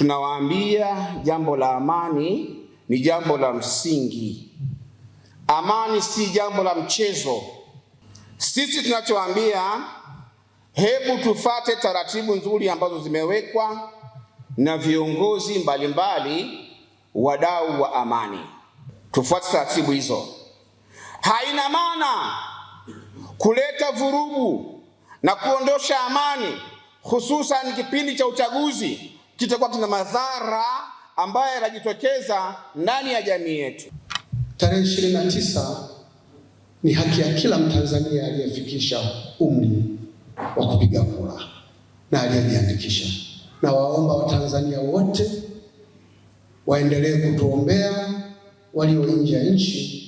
tunawaambia jambo la amani ni jambo la msingi. Amani si jambo la mchezo. Sisi tunachoambia, hebu tufate taratibu nzuri ambazo zimewekwa na viongozi mbalimbali, wadau wa amani, tufuate taratibu hizo. Haina maana kuleta vurugu na kuondosha amani, hususan kipindi cha uchaguzi kitakuwa kina madhara ambayo yanajitokeza ndani ya jamii yetu. Tarehe 29 ni haki ya kila Mtanzania aliyefikisha umri wa kupiga kura na aliyejiandikisha, na waomba Watanzania wote waendelee kutuombea walio nje ya nchi,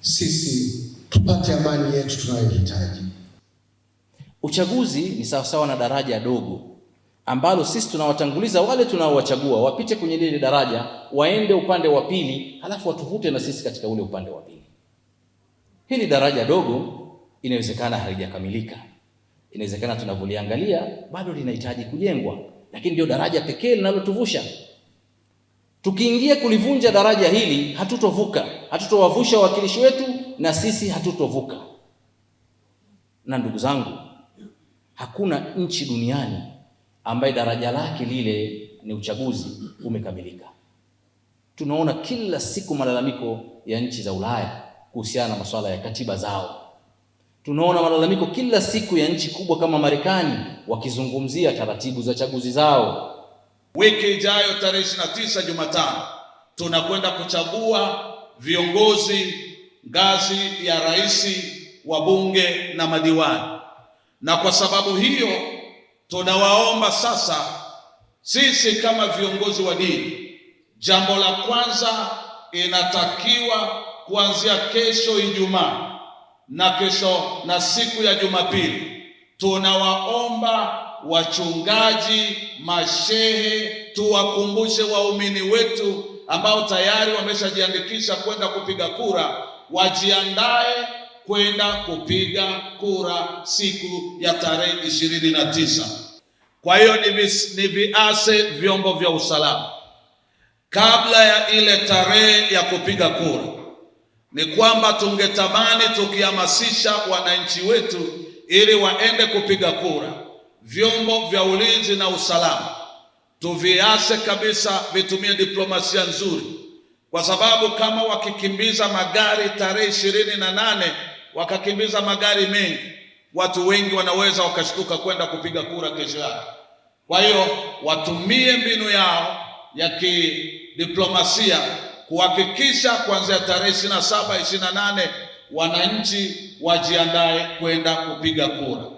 sisi tupate amani yetu tunayohitaji. Uchaguzi ni sawasawa na daraja dogo ambalo sisi tunawatanguliza wale tunaowachagua wapite kwenye lile daraja, waende upande wa pili, halafu watuvute na sisi katika ule upande wa pili. Hili daraja dogo inawezekana halijakamilika, inawezekana tunavyoliangalia bado linahitaji kujengwa, lakini ndio daraja pekee linalotuvusha. Tukiingia kulivunja daraja hili, hatutovuka, hatutowavusha wawakilishi wetu na sisi hatutovuka. Na ndugu zangu, hakuna nchi duniani ambaye daraja lake lile ni uchaguzi umekamilika. Tunaona kila siku malalamiko ya nchi za Ulaya kuhusiana na masuala ya katiba zao. Tunaona malalamiko kila siku ya nchi kubwa kama Marekani wakizungumzia taratibu za chaguzi zao. Wiki ijayo tarehe 29 Jumatano, tunakwenda kuchagua viongozi ngazi ya rais, wabunge na madiwani, na kwa sababu hiyo Tunawaomba sasa sisi kama viongozi wa dini, jambo la kwanza inatakiwa kuanzia kesho Ijumaa na kesho na siku ya Jumapili, tunawaomba wachungaji, mashehe, tuwakumbushe waumini wetu ambao tayari wameshajiandikisha kwenda kupiga kura, wajiandae kwenda kupiga kura siku ya tarehe ishirini na tisa. Kwa hiyo ni viase vyombo vya usalama kabla ya ile tarehe ya kupiga kura, ni kwamba tungetamani tukihamasisha wananchi wetu ili waende kupiga kura, vyombo vya ulinzi na usalama tuviase kabisa, vitumie diplomasia nzuri, kwa sababu kama wakikimbiza magari tarehe ishirini na nane wakakimbiza magari mengi, watu wengi wanaweza wakashtuka kwenda kupiga kura kesho yake. Kwa hiyo watumie mbinu yao ya kidiplomasia kuhakikisha kuanzia tarehe ishirini na saba ishirini na nane wananchi wajiandae kwenda kupiga kura.